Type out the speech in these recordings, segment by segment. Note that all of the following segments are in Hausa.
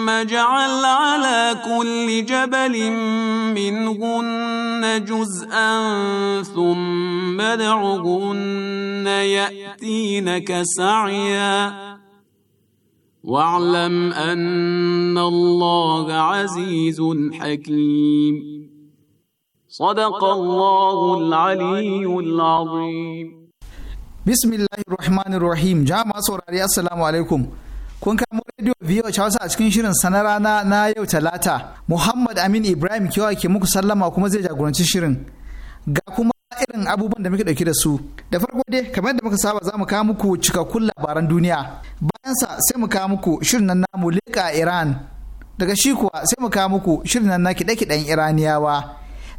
ثم جعل على كل جبل منهن جزءا ثم ادعهن ياتينك سعيا واعلم ان الله عزيز حكيم صدق الله العلي العظيم بسم الله الرحمن الرحيم جامع سورة السلام عليكم كن كامور Radio VOH Hausa a cikin shirin sana rana na yau talata. Muhammad Amin Ibrahim kewa ke muku sallama kuma zai jagoranci shirin. Ga kuma irin abubuwan da muke dauke da su. Da farko dai kamar da muka saba za mu kawo muku cikakkun labaran duniya. Bayan sa sai mu kawo muku shirin nan namu leka Iran. Daga shi kuwa sai mu kawo muku shirin nan na kiɗe-kiɗen Iraniyawa.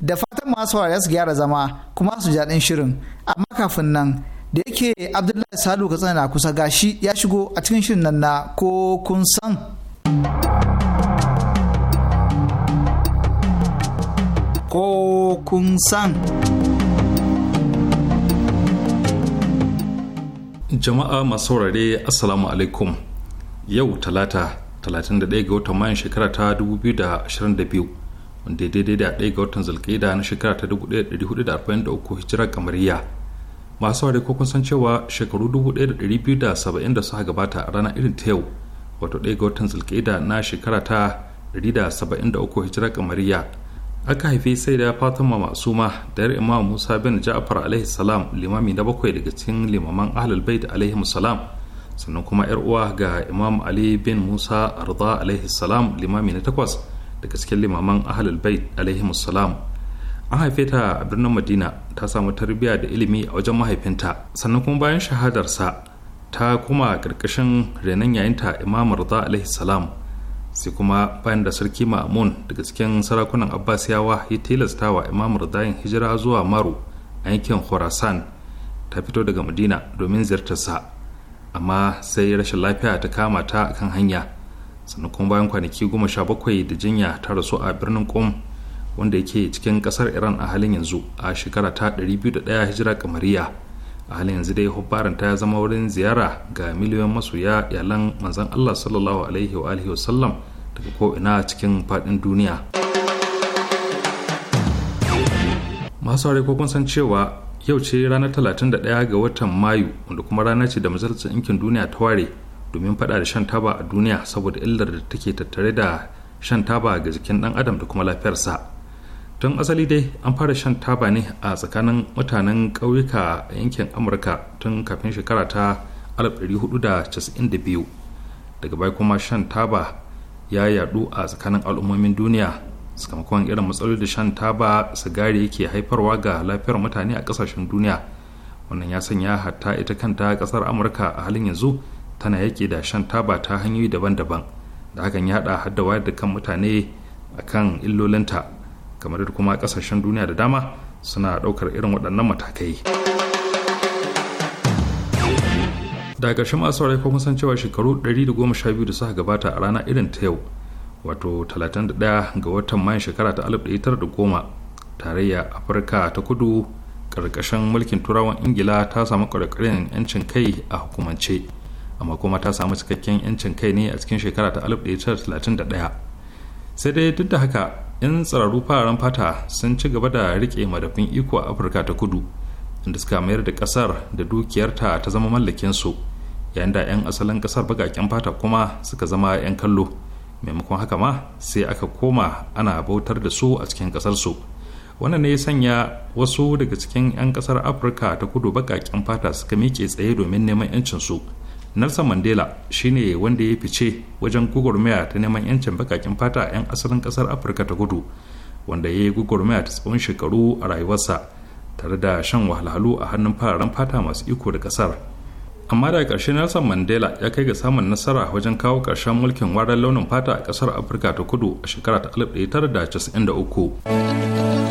Da fatan masu su gyara zama kuma su jaɗin shirin. Amma kafin nan da yake abdullahi salu ka na kusa gashi ya shigo a cikin shirin nan na ko kun san ko kun san jama'a masu saurare assalamu alaikum yau talata 31 ga watan mayan shekara ta 2022 wanda daidai da 1 ga watan zalkaida na shekara ta 1443 hijirar kamariya masu ware ko kun san cewa shekaru 1270 da suka gabata a ranar irin ta yau wato ɗaya ga watan zulkaida na shekara ta 173 hijira kamariya aka haifi sai da fatima masuma da yar imam musa bin ja'afar alaihi salam limami na bakwai daga cikin limaman ahlul bait alaihi salam sannan kuma yar uwa ga imam ali bin musa arda alaihi salam limami na takwas daga cikin limaman ahlul bait alaihi salam an haife ta a birnin madina ta samu tarbiyya da ilimi a wajen mahaifinta sannan kuma bayan shahadarsa ta kuma ƙarƙashin renon yayinta imam rada alaihi salam sai kuma bayan da sarki ma'amun daga cikin sarakunan abbasiyawa ya tilasta wa imam yin hijira zuwa maru a yankin khorasan ta fito daga madina domin ziyartarsa amma sai rashin lafiya ta kama ta akan hanya sannan kuma bayan kwanaki goma sha bakwai da jinya ta rasu a birnin kum wanda yake cikin kasar iran a halin yanzu a shekara ta 201 hijira kamariya a halin yanzu dai hubbaran ta zama wurin ziyara ga miliyoyin masoya yalan manzon allah sallallahu alaihi wa alihi wasallam daga ko'ina cikin fadin duniya masu ko kun san cewa yau ce ranar 31 ga watan mayu wanda kuma rana ce da majalisar ɗinkin duniya ta ware domin fada da shan taba a duniya saboda illar da take tattare da shan taba ga jikin dan adam da kuma lafiyarsa don asali dai an fara shan taba ne a tsakanin mutanen ƙauyuka a yankin amurka tun kafin shekara ta 1492 daga bai kuma shan taba ya yadu a tsakanin al'ummomin duniya sakamakon irin matsaloli da shan taba sigari yake haifarwa ga lafiyar mutane a ƙasashen duniya wannan ya sanya hatta ita kanta ƙasar amurka a halin yanzu tana yake da shan taba ta hanyoyi daban-daban da hakan ya haɗa haddawa da kan mutane kan illolinta kamar da kuma kasashen duniya da dama suna ɗaukar irin waɗannan matakai daga ƙarshen masu rai kuma san cewa shekaru 112 da suka gabata a rana irin ta yau wato 31 ga watan mayan shekara ta 1910 tarayya afirka ta kudu ƙarƙashin mulkin turawan ingila ta samu ƙarƙarin 'yancin kai a hukumance amma kuma ta samu cikakken 'yancin kai ne a cikin shekara ta 1931 sai dai duk da haka 'yan tsararru fararen fata sun ci gaba da rike madafin iko a afirka ta kudu inda suka mayar da kasar da dukiyarta ta zama mallakinsu yayin da 'yan asalin kasar bakaken fata kuma suka zama 'yan kallo maimakon haka ma sai aka koma ana bautar da su a cikin kasarsu wannan ne ya sanya wasu daga cikin 'yan kasar afirka ta kudu bakaken fata suka miƙe tsaye domin neman 'yancinsu su nelson mandela shine wanda ya fice wajen gugurmaya ta neman yancin bakakin fata a 'yan asalin kasar afirka ta kudu wanda ya yi gugurmaya ta tsawon shekaru a rayuwarsa tare da shan wahalhalu a hannun fararen fata masu iko da kasar amma daga ƙarshe nelson mandela ya kai ga samun nasara wajen kawo ƙarshen mulkin warar launin fata a kasar afirka ta kudu a shekara ta 1993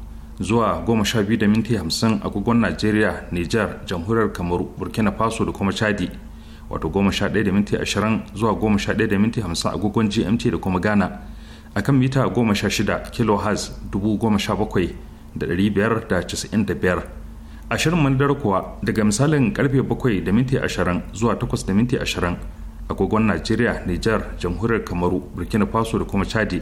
zuwa goma sha biyu da minti agogon najeriya nijar jamhuriyar kamaru burkina faso da kuma chadi wato goma sha ɗaya da zuwa goma sha ɗaya agogon gmt da kuma ghana akan mita goma sha shida kilohertz dubu goma sha bakwai da ɗari biyar da da biyar ashirin mandar kuwa daga misalin karfe bakwai da minti ashirin zuwa takwas da minti ashirin agogon najeriya nijar jamhuriyar kamaru burkina faso da kuma chadi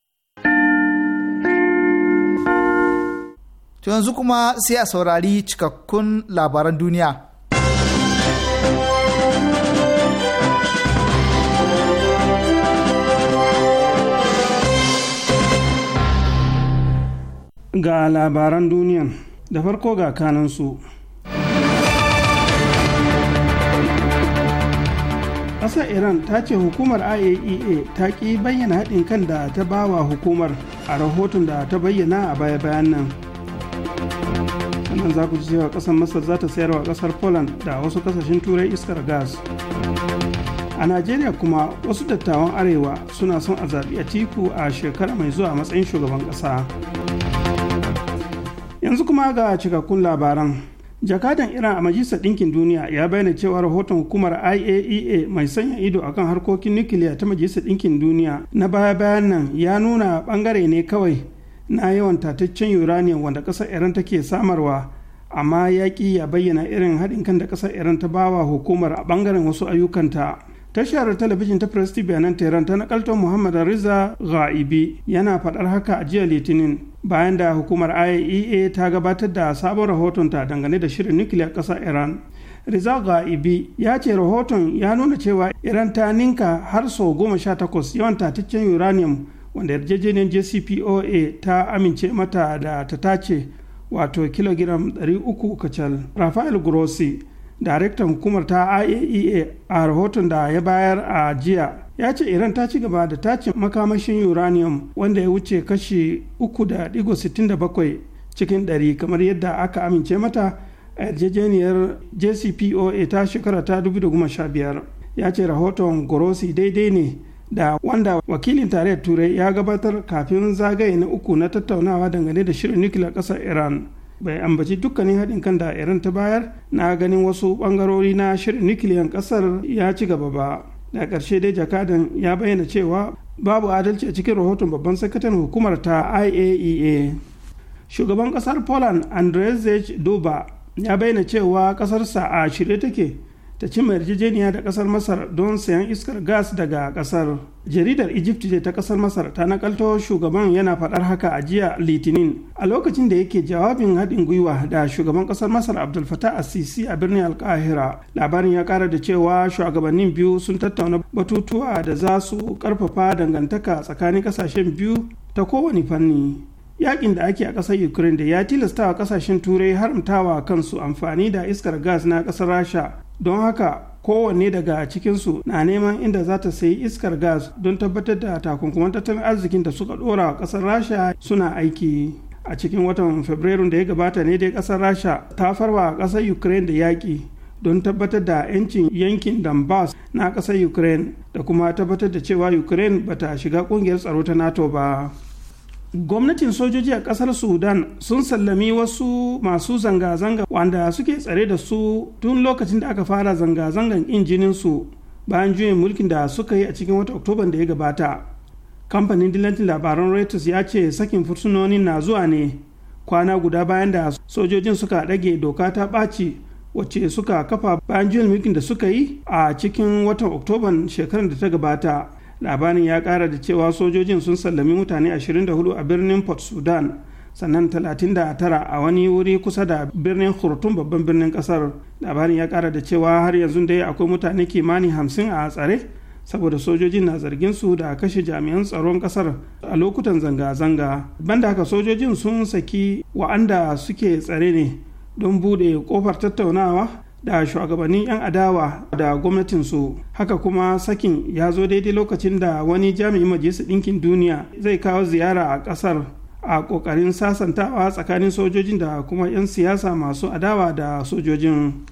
To yanzu kuma sai a saurari cikakkun labaran duniya. Ga labaran duniyan da farko ga kanansu. ƙasar iran ta ce hukumar iaea e ta ƙi bayyana haɗin kan da ta bawa hukumar a rahoton da ta bayyana a baya-bayan nan nan za ku ji cewa kasar masar za ta wa ƙasar poland da wasu kasashen turai iskar gas a najeriya kuma wasu dattawan arewa suna son a zaɓi a tiku a shekara mai zuwa matsayin shugaban ƙasa yanzu kuma ga cikakkun labaran jakadan iran a majalisar ɗinkin duniya ya bayyana cewa rahoton hukumar iaea e mai sanya ido akan harkokin nukiliya ta majalisar ɗinkin duniya na baya bayan nan ya nuna ɓangare ne kawai na yawan tataccen uranium wanda ƙasar iran take samarwa amma ya ƙi ya bayyana irin haɗin kan da ƙasar iran ta bawa hukumar a ɓangaren wasu ayyukanta tashar talabijin ta press tv nan tehran ta muhammad riza ghaibi yana faɗar haka a jiya litinin bayan da hukumar iaea e ta gabatar da sabon rahoton ta dangane da shirin nukiliya ƙasar iran Riza Ga'ibi ya ce rahoton ya nuna cewa Iran ta ninka har sau goma sha takwas yawan tataccen uranium wanda yarjejeniyar jcpoa ta amince mata da ta tace wato kilogiram 300 kacal rafael grossi daraktan hukumar ta iaea e a rahoton da ya bayar a jiya ya ce iran ta ci gaba da tace makamashin uranium wanda ya wuce kashi 3.67 cikin 100 kamar yadda aka amince mata a yarjejeniyar jcpoa ta shekara ta 2015 ya ce rahoton grossi daidai ne da wanda wakilin tarayyar turai ya gabatar kafin zagaye na uku na tattaunawa dangane da shirin nukiliyar kasar iran bai ambaci dukkanin haɗin kan da iran ta bayar na ganin wasu ɓangarori na shirin nukiliyan kasar ya ci gaba ba da ƙarshe dai jakadan ya bayyana cewa babu adalci a cikin rahoton babban sakataren hukumar ta iaea e shugaban kasar poland andrzej duba ya bayyana cewa kasarsa a shirye take ta ci yarjejeniya da kasar masar don sayan iskar gas daga kasar jaridar egypt ta kasar masar ta nakalto shugaban yana faɗar haka a jiya litinin a lokacin da yake jawabin haɗin gwiwa da shugaban kasar masar abdul fatah assisi a birnin alkahira labarin ya ƙara da cewa shugabannin biyu sun tattauna batutuwa da za su ƙarfafa dangantaka tsakanin ƙasashen biyu ta kowane fanni yakin da ake a ƙasar ukraine da ya tilasta wa ƙasashen turai haramtawa kansu amfani da iskar gas na ƙasar rasha don haka kowanne daga cikinsu na neman inda za ta sayi iskar gas don tabbatar da takunkuman tattalin arzikin da suka ɗora wa ƙasar rasha suna aiki a cikin watan fabrairun da ya gabata ne dai ƙasar rasha ta farwa ƙasar ukraine da yaƙi don tabbatar da 'yancin yankin donbass na ƙasar ukraine da kuma tabbatar da cewa ukraine bata shiga ƙungiyar tsaro ta nato ba gwamnatin sojoji a kasar sudan sun sallami wasu masu zanga-zanga wanda suke tsare da su tun lokacin da aka fara zanga-zangan injinin su bayan juyin mulkin da suka yi a cikin wata oktoban da ya gabata kamfanin dilantin labaran reuters ya ce sakin fursunonin na zuwa ne kwana guda bayan da sojojin suka ɗage doka ta ɓaci wacce suka kafa bayan juyin mulkin da suka yi a cikin watan oktoban shekarar da ta gabata labarin ya kara da cewa sojojin sun sallami mutane 24 a birnin port sudan sannan 39 a wani wuri kusa da birnin khurtum babban birnin kasar labarin ya kara da cewa har yanzu dai akwai mutane kimani 50 a tsare saboda sojojin na zargin su da kashe jami'an tsaron kasar a lokutan zanga-zanga banda haka sojojin sun saki wa'anda suke tsare ne don bude kofar tattaunawa da shugabannin 'yan adawa da gwamnatinsu haka kuma sakin ya zo daidai lokacin da wani jami'in majalisar ɗinkin duniya zai kawo ziyara a ƙasar a ƙoƙarin sasantawa tsakanin sojojin da kuma 'yan siyasa masu adawa da sojojin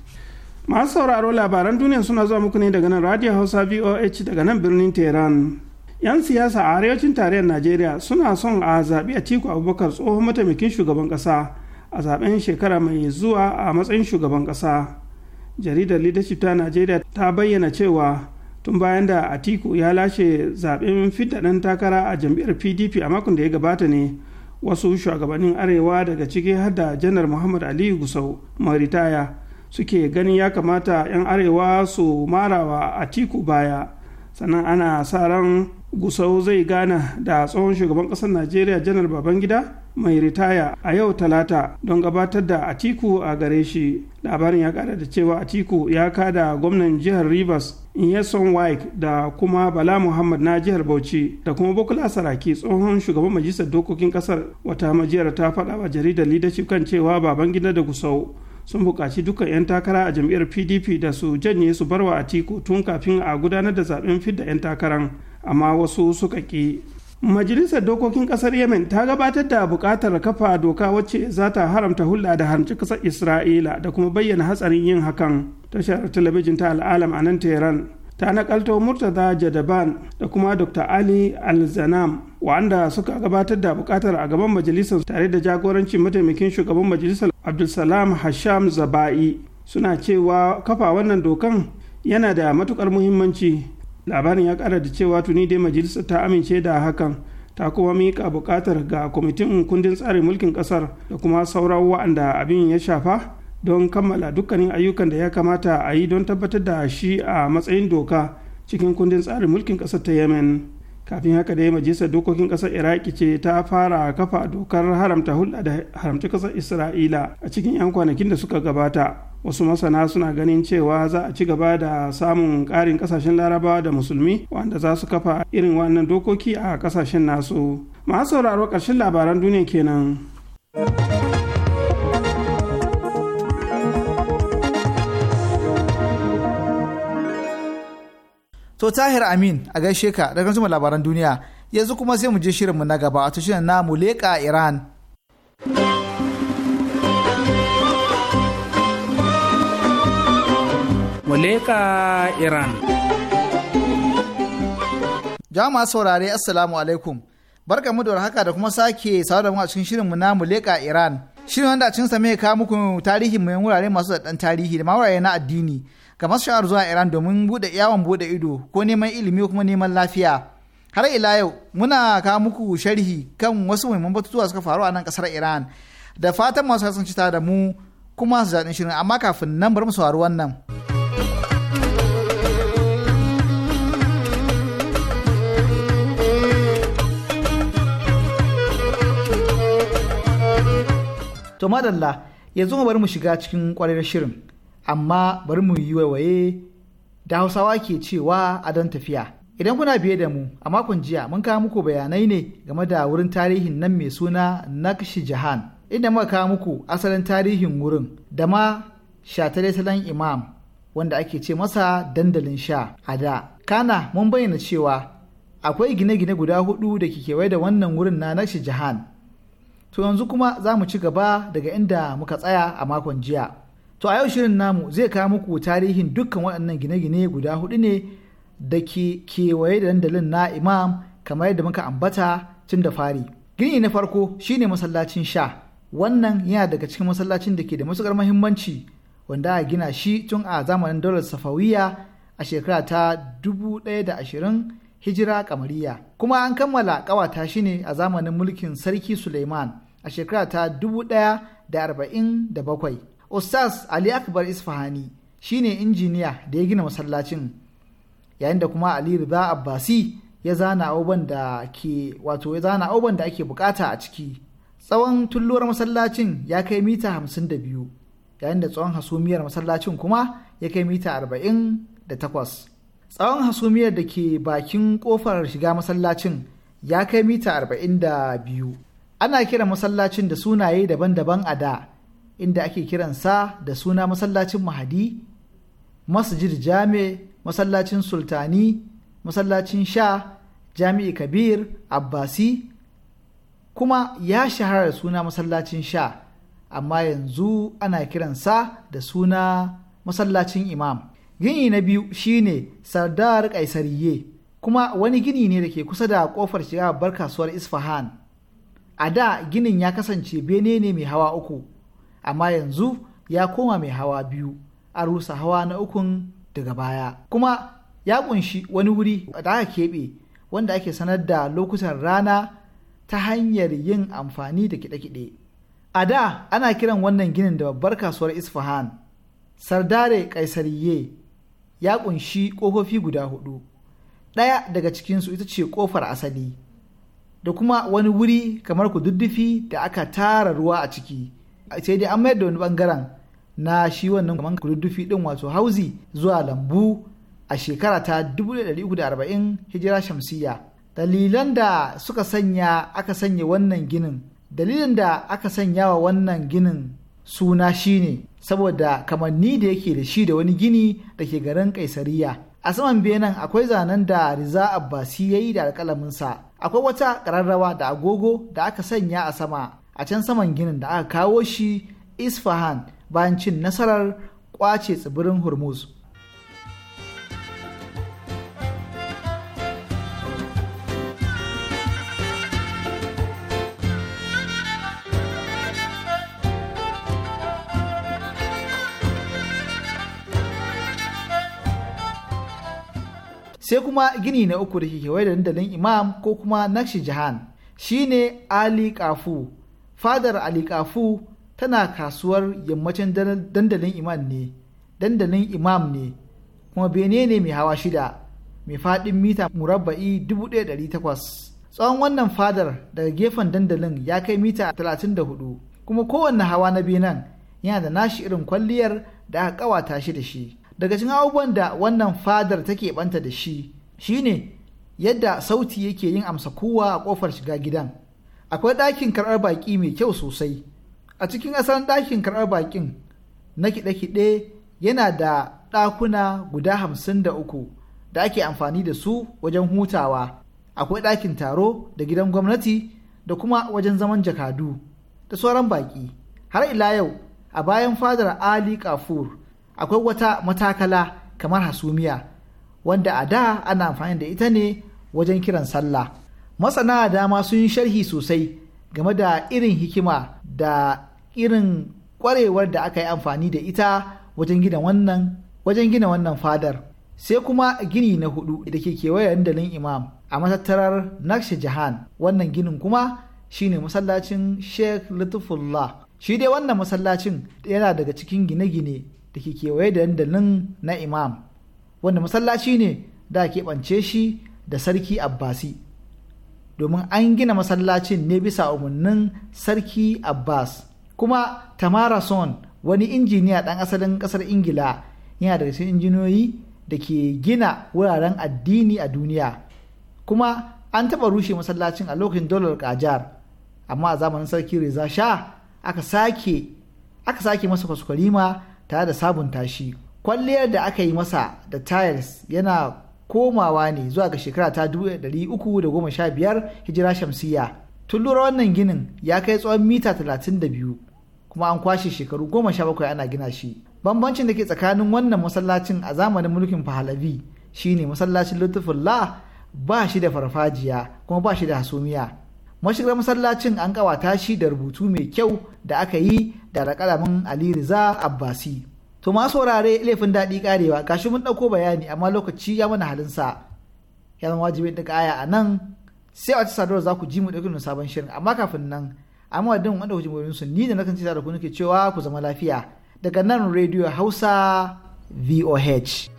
masu sauraro labaran duniya suna zuwa muku ne daga nan radio hausa voh daga nan birnin tehran 'yan siyasa a arewacin tarayyar najeriya suna son a zaɓi a tiku abubakar tsohon mataimakin shugaban ƙasa a zaɓen shekara mai zuwa a matsayin shugaban ƙasa jaridar leadership ta najeriya ta bayyana cewa tun bayan da atiku ya lashe zaben ɗan takara a jam'iyyar pdp a makon da ya gabata ne wasu shugabannin arewa daga ciki har da janar muhammad aliyu gusau maritaya suke ganin ya kamata 'yan arewa su marawa atiku baya sannan ana sa ran gusau zai gana da tsohon shugaban ƙasar najeriya janar babangida mai ritaya a yau talata don gabatar da atiku a gare shi labarin ya kada da cewa atiku ya kada gwamnan jihar rivers inyeson wike da kuma bala muhammad na jihar bauchi da kuma bukula saraki tsohon shugaban majalisar dokokin kasar wata majiyar ta faɗa wa jaridar leadership kan cewa babangida da gusau sun buƙaci dukkan 'yan takara a jam'iyyar pdp da su janye su barwa atiku tun kafin a gudanar da zaben fidda 'yan takaran amma wasu suka ƙi majalisar dokokin kasar yemen ta gabatar da bukatar kafa doka wacce za ta haramta hulɗa da harci kasar isra'ila da kuma bayyana hatsarin yin hakan tashar talabijin ta al'alam a nan tehran ta nakalto murtaza jadaban da kuma dr ali alzanam wanda suka gabatar da bukatar a gaban majalisar tare da jagorancin mataimakin shugaban majalisar abdulsalam hasham zaba'i suna cewa kafa wannan dokan yana da matukar muhimmanci labarin ya kara da cewa tuni dai majalisar ta amince da hakan ta kuma miƙa buƙatar ga kwamitin kundin tsarin mulkin ƙasar da kuma sauran wa'anda abin ya shafa don kammala dukkanin ayyukan da ya kamata a yi don tabbatar da shi a matsayin doka cikin kundin tsarin mulkin ƙasar ta yemen kafin haka dai majalisar dokokin kasar iraki ce ta fara kafa dokar haramta hulɗa da haramta kasar isra'ila a cikin 'yan kwanakin da suka gabata wasu masana suna ganin cewa za a ci gaba da samun ƙarin ƙasashen larabawa da musulmi wanda za su kafa irin wannan dokoki a ƙasashen nasu masu sauraro ƙarshen labaran duniya kenan. To Tahir Amin a gaishe ka daga zuma labaran duniya yanzu kuma sai mu je shirinmu na gaba a tushen na mu Iran. Iran. Jama'a saurare Assalamu alaikum. Barka mu da haka da kuma sake sawa da mu a cikin shirinmu na Muleka Iran. Shirin wanda a cikin sa mai muku tarihi mai wurare masu da tarihi da ma wurare na addini. kamar sha'ar zuwa Iran domin bude yawon bude ido ko neman ilimi kuma neman lafiya. Har ila yau muna kawo muku sharhi kan wasu muhimman batutuwa suka faru a nan kasar Iran da fatan masu kasance ta da mu kuma su zaɗin shirin amma kafin nan bari mu saurari wannan. To madalla yanzu mu bari mu shiga cikin kwarar shirin. amma bari mu yi waiwaye da hausawa ke cewa a don tafiya idan kuna biye da mu a makon jiya mun kawo muku bayanai ne game da wurin tarihin nan mai suna nakshi jahan inda muka kawo muku asalin tarihin wurin da ma shatare imam wanda ake ce masa dandalin sha a da kana mun bayyana cewa akwai gine-gine guda hudu da ke kewaye da wannan wurin na nakshi jahan to yanzu kuma za mu ci gaba daga inda muka tsaya a makon jiya To a yau shirin namu zai kawo muku tarihin dukkan waɗannan gine-gine guda hudu ne da ke kewaye da dandalin na imam kamar yadda muka ambata tun da fari. Gini na farko shine masallacin sha wannan yana daga cikin masallacin da ke da matuƙar mahimmanci wanda a gina shi tun a zamanin daular safawiya a shekara ta ashirin hijira kamariya kuma an kammala ƙawata shi ne a zamanin mulkin sarki suleiman a shekara ta bakwai. ustaz ali akbar isfahani shine injiniya da ya gina masallacin yayin da kuma ali rida abbasi ya zana auban da ke wato ya zana auban da ake bukata a ciki tsawon tulluwar masallacin ya kai mita hamsin da biyu yayin da tsawon hasumiyar masallacin kuma ya kai mita arba'in da takwas tsawon hasumiyar da ke bakin kofar shiga masallacin ya kai mita arba'in da biyu ana kiran masallacin da sunaye daban-daban a da inda ake kiransa da suna masallacin mahadi masjid jami masallacin sultani masallacin sha jami'i kabir abbasi kuma ya shahara da suna masallacin sha amma yanzu ana kiransa da suna masallacin imam gini na biyu shine sardar kaisariye kuma wani gini ne da ke kusa da kofar shiga babbar kasuwar isfahan a da ginin ya kasance bene ne mai hawa uku amma yanzu ya koma mai hawa biyu a rusa hawa na ukun daga baya kuma ya kunshi wani wuri da aka keɓe wanda ake sanar da lokutan rana ta hanyar yin amfani da kiɗe-kiɗe a da ana kiran wannan ginin da babbar kasuwar isfahan sardare kaisariye ya kunshi ƙofofi guda hudu ɗaya daga cikinsu ita ce ƙofar asali da kuma wani wuri kamar kududdufi da aka tara ruwa a ciki sai dai an mayar da wani bangaren na shi wannan kamar kududdufi din wato hauzi zuwa lambu a shekara ta 1340 hijira shamsiyya dalilan da suka sanya aka sanya wannan ginin dalilin da aka sanya wa wannan ginin suna shine saboda kamanni da yake da shi da wani gini da ke garin kaisariya a saman benin akwai zanen da riza abbasi ya yi da alkalaminsa akwai wata ƙararrawa da agogo da aka sanya a sama a can saman ginin da aka kawo shi isfahan bayan cin nasarar kwace tsibirin hormuz sai kuma gini na uku da ke kewaye da dandalin imam ko kuma nakshi jahan shine ali kafu fadar alikafu tana kasuwar yammacin dandalin imam ne dandalin imam ne kuma bene ne mai hawa shida mai faɗin mita murabba'i 1800 tsawon wannan fadar daga gefen dandalin ya kai mita 34 kuma kowanne hawa na benen yana da nashi irin kwalliyar da aka kawata shi da shi daga cikin abubuwan da wannan fadar take banta da shi shine yadda sauti yake yin amsa kowa a ƙofar shiga gidan akwai ɗakin karɓar baƙi mai kyau sosai a cikin asalin ɗakin karɓar baƙin na kiɗe-kiɗe yana da ɗakuna guda hamsin da uku da ake amfani da su wajen hutawa akwai ɗakin taro da gidan gwamnati da kuma wajen zaman jakadu da sauran baƙi har ila yau a bayan fadar ali kafur akwai wata matakala kamar hasumiya wanda a da ana amfani da ita ne wajen kiran sallah masana dama sun sharhi sosai game da irin hikima da irin kwarewar da aka yi amfani da ita wajen gina wannan wajen gina wannan fadar sai kuma gini na hudu da ke kewayen dalin imam a matattarar nakshe jahan wannan ginin kuma shine masallacin sheikh lutfullah shi dai wannan masallacin yana daga cikin gine-gine da ke kewaye da dandalin na imam wanda masallaci ne da keɓance shi da sarki abbasi domin an gina masallacin ne bisa umarnin sarki abbas kuma tamara son wani injiniya ɗan asalin ƙasar ingila yana da cikin injiniyoyi da ke gina wuraren addini a duniya kuma an taɓa rushe masallacin a lokacin dolar kajar amma a zamanin sarki reza sha aka sake aka sake masa kwaskwarima tare da sabunta shi kwalliyar da aka yi masa da tiles yana komawa ne zuwa ga shekara ta 315 hijira shamsiya tun lura wannan ginin ya kai tsawon mita 32 kuma an kwashe shekaru 17 ana gina shi bambancin da ke tsakanin wannan masallacin a zamanin mulkin fahalabi shine masallacin lutufullah ba shi da farfajiya kuma ba shi da hasumiya mashigar masallacin an kawata shi da rubutu mai kyau da aka yi da alƙalamin ali riza abbasi To ma saurare laifin daɗi karewa gashi mun ɗauko bayani amma lokaci ya mana halin sa Ya zama wajibi da aya a nan sai a ci sadarwa za ku ji mu ɗauki sabon shirin amma kafin nan amma wadin wanda ku ji su ni da na ci da ku nake cewa ku zama lafiya daga nan rediyo Hausa VOH.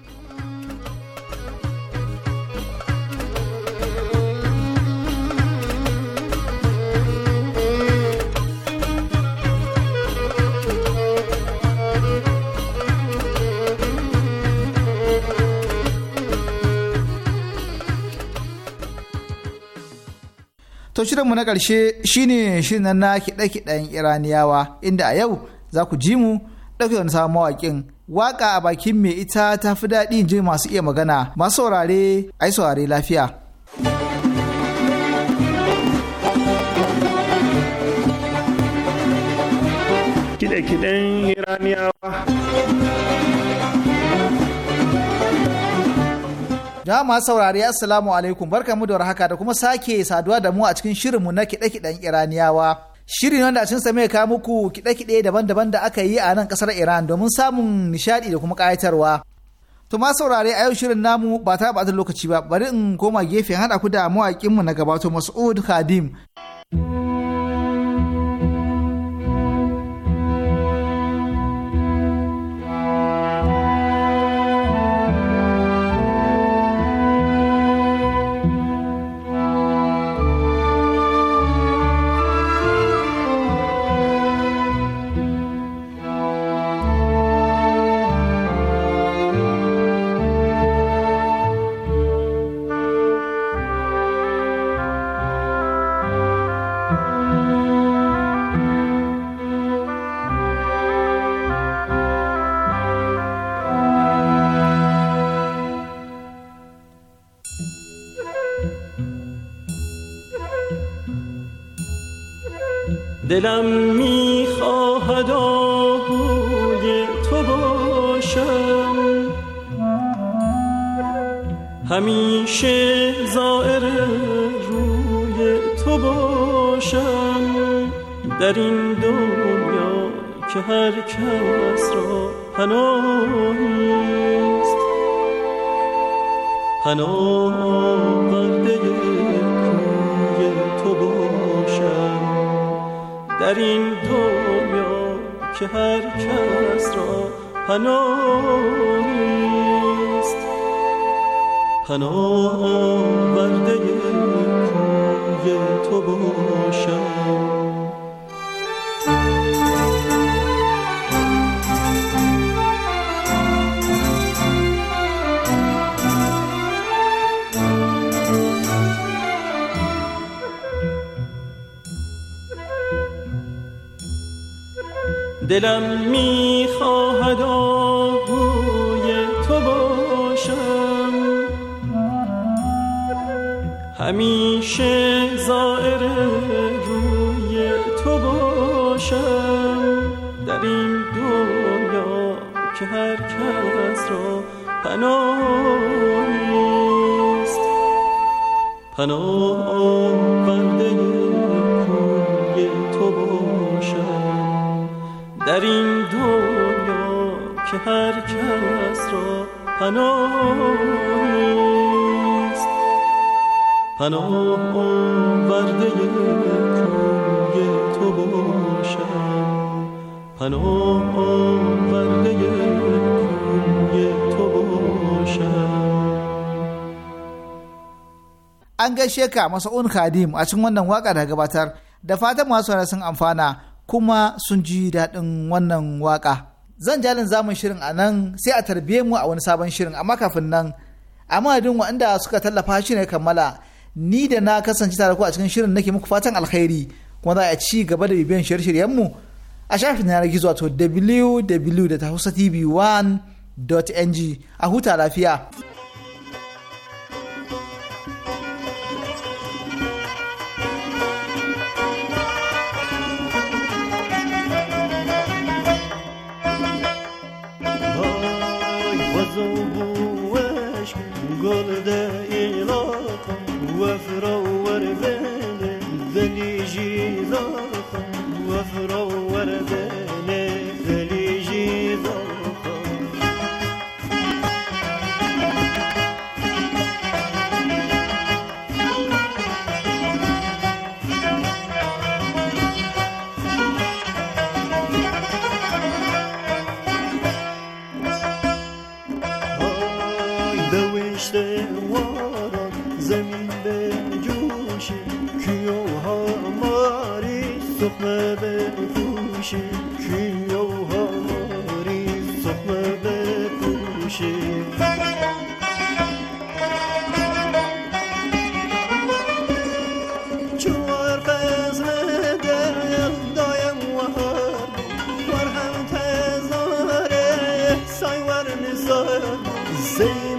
To shirinmu na ƙarshe shine shirin na kiɗe-kiɗen Iraniyawa inda a yau za ku ji mu ɗauke da samun mawaƙin. Waƙa a bakin mai ita ta fi daɗi ji masu iya magana masu saurare ai saurare lafiya. Kiɗe-kiɗen Iraniyawa. da masu saurari assalamu alaikum barka mu da warhaka da kuma sake saduwa da mu a cikin shirinmu na kiɗe-kiɗen Iraniyawa. Shirin wanda a cikin mai ka muku kiɗe-kiɗe daban-daban da aka yi a nan ƙasar Iran domin samun nishaɗi da kuma ƙayatarwa. To ma saurari a yau shirin namu ba ta ɓata lokaci ba bari in koma gefe haɗa ku da mawaƙinmu na gabato Mas'ud Kadim. دلم میخواهد آهوی تو باشم همیشه زائر روی تو باشم در این دنیا که هر کس را پناهیست پناه آورده کوی تو باشم در این دنیا که هر کس را پناه نیست پناه آورده کوی تو باشم دلم میخواهد آهوی تو باشم همیشه زائر روی تو باشم در این دنیا که هر کس را است پناه بنده در این دنیا که هر کس را پناهیست پناه ورده کوی تو باشم پناه ورده کوی تو باشم an gaishe ka un khadim a cikin wannan waka da gabatar da fatan masu sun amfana kuma sun ji daɗin wannan waƙa. Zan jalin zamun shirin a nan sai a tarbiye mu a wani sabon shirin amma kafin nan a madadin waɗanda suka tallafa shi ne kammala ni da na kasance tare ku a cikin shirin nake muku fatan alkhairi kuma za a ci gaba da bibiyan shirye-shiryen mu a shafin yanar gizo wato www.hausatv1.ng a huta lafiya. وفراق Zay.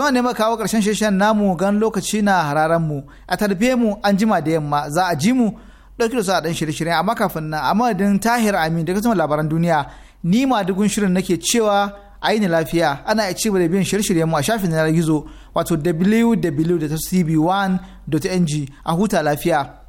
don ne kawo karshen sheshen namu gan lokaci na hararen mu a tarbe mu an jima da yamma za a ji mu ɗauki da su shirye-shirye amma kafin nan a madadin tahir amin da zama labaran duniya ni ma dugun shirin nake cewa a yi lafiya ana iya cigaba da biyan shirye-shiryen mu a shafin yanar gizo wato wwwtcb 1ng a huta lafiya.